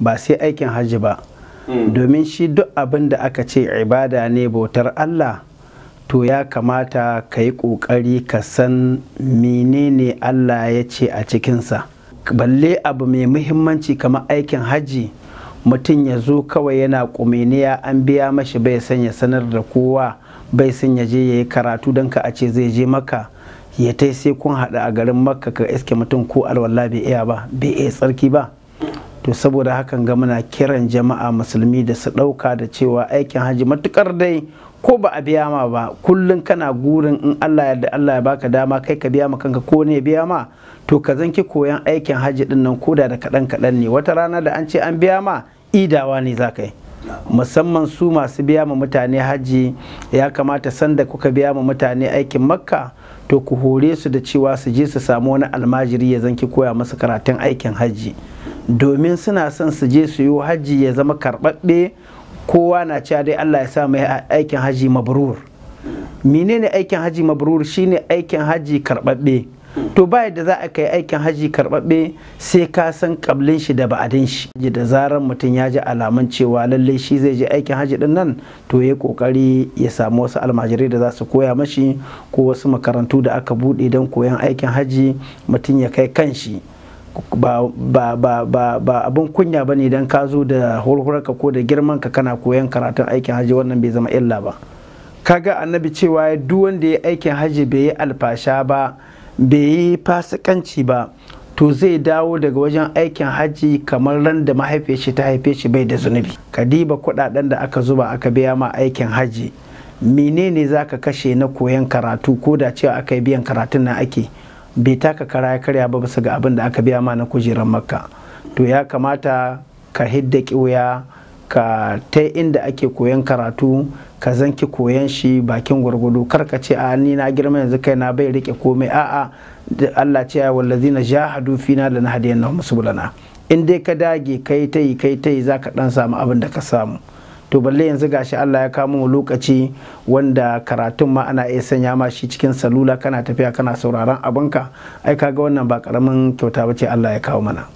ba sai aikin hajji ba hmm. domin shi duk abin da aka ce ibada ne bautar Allah to ya kamata ka yi ƙoƙari ka san menene Allah ya ce a cikinsa balle abu mai muhimmanci kamar aikin hajji mutum ya zo kawai yana ƙumeniya an biya mashi bai san ya sanar da kowa bai san ya je ya yi karatu don ka a ce zai je maka ya tai sai kun haɗu a garin makka ka iske mutum ko alwala bai iya ba bai iya tsarki ba to saboda hakan ga muna kiran jama'a musulmi da su ɗauka da cewa aikin hajji matukar dai ko ba a biya ma ba kullum kana gurin in Allah ya da Allah ya baka dama kai ka biya ma kanka ko ne biya ma to ka zanki koyan aikin hajji din nan koda da kaɗan kaɗan ne wata rana da an ce an biya ma idawa ne za ka yi musamman su masu biya ma mutane hajji ya kamata sanda kuka biya ma mutane aikin makka to ku hore su da cewa su je su samu wani almajiri ya zanki koya masu karatun aikin hajji domin suna son su je su yi hajji ya zama karɓaɓɓe kowa na cewa dai Allah ya sa mai aikin hajji mabrur menene aikin hajji mabrur shine aikin hajji karɓaɓɓe to ba da za a kai aikin hajji karɓaɓɓe sai ka san kablin shi da ba'adin shi da zarar mutum ya ji alaman cewa lallai shi zai je aikin hajji din nan to ya kokari ya samu wasu almajirai da za su koya mashi ko wasu makarantu da aka buɗe don koyan aikin hajji mutum ya kai kanshi ba abin kunya ba ne don ka zo da hulhurarka ko da girman ka kana koyan karatun aikin hajji wannan bai zama illa ba kaga annabi cewa duk wanda ya aikin hajji bai yi alfasha ba bai yi fasikanci ba to zai dawo daga wajen aikin hajji kamar ran da mahaifiyar shi ta haife shi bai da zunubi Kadiba diba kuɗaɗen da aka zuba aka biya ma aikin hajji menene zaka kashe na koyan karatu ko da cewa aka yi biyan karatun na ake bai taka kara ya karya ba bisa ga abin da aka biya ma na kujerar makka to ya kamata ka hidda ƙiwuya ka ta inda ake koyan karatu ka zanki koyan shi bakin gwargwado kar ka ce a ni na girma yanzu kai na bai rike komai a'a Allah ce ya na jahadu fina lana na musulana in dai ka dage kai ta yi kai ta yi zaka dan samu abin da ka samu to balle yanzu gashi Allah ya kamo mu lokaci wanda karatun ma ana iya sanya ma shi cikin salula kana tafiya kana sauraron abinka ai kaga wannan ba karamin kyauta bace Allah ya kawo mana